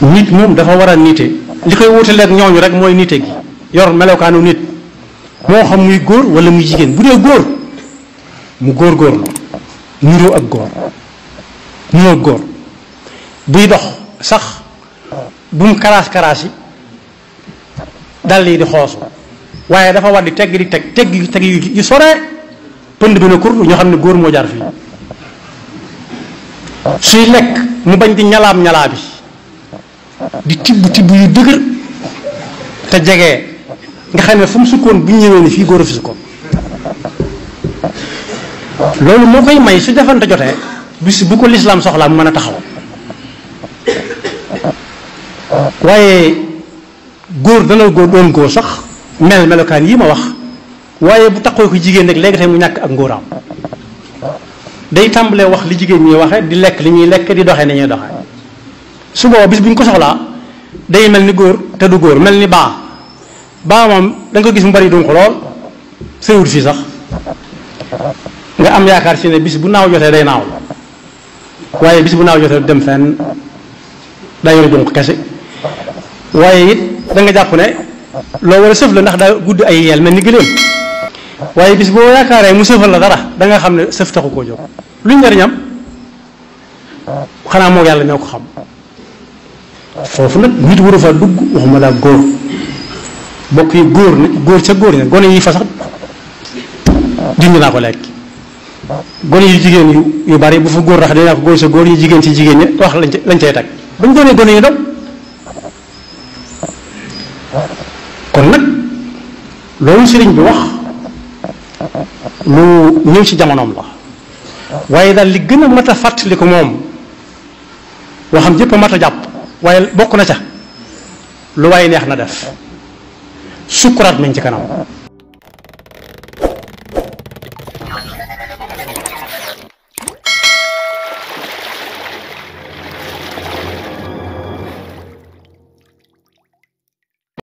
nit moom dafa war a niite li koy wutale ak ñooñu rek mooy niite gi yor melokaanu nit moo xam muy góor wala muy jigéen bu dee góor mu góor góorlu ak góor niroo ak buy dox sax bu mu karaas karaas yi dal yi di xoosu waaye dafa war di tegg di teg tegg yu sore pënd bi na kur ñoo xam ne góor moo jaar fii suy lekk mu bañ di ñalaam ñalaa bi di tibb tibb yu dëgër te jege nga xam ne fu sukkoon bu ñëwee ni fii góor a fi sukkoon loolu moo koy may su defante jotee bis bu ko lislaam soxlaa mu mën a taxaw waaye góor dana góor doon góor sax mel melokaan yi ma wax waaye bu taxoo ko jigéen rek léegi tamit mu ñàkk ak ngóoraam day tàmbalee wax li jigéen ñi waxe di lekk li ñuy lekk di doxee ni ñuy doxee su booba bis bu ñu ko soxlaa day mel ni góor te du góor mel ni baa baa moom da nga gis mu bari duñ lool sëwut fii sax nga am yaakaar si ne bis bu naaw jotee day naaw waaye bis bu naaw jotee dem fenn daa yor duñ ko kese waaye it da jàpp ne loo war a sëf la ndax daa gudd ay yeel mel ni gëléem waaye bis boo yaakaaree mu sëfal la dara da nga xam ne sëf taxu koo jóg lu njariñam xanaa moo yàlla ñoo ko xam foofu nag nit waru fa dugg waxuma laa góor bokk yi góor ne góor ca góor ña gone yi fa sax junj naa ko lekk gone yu jigéen yu yu bari bu fa góor rax dinaa ko góor sa góor yu jigéen ci jigéen ña wax lañ ca lañ cay tag bañ doonee gone kon nag loolu sëriñ bi wax lu ñëw ci jamonoom la waaye daal li gën a mat a fàttali ko moom waxam jëpp a mat a jàpp waaye bokk na ca lu waay neex na def sukkuraat nañ ci kanam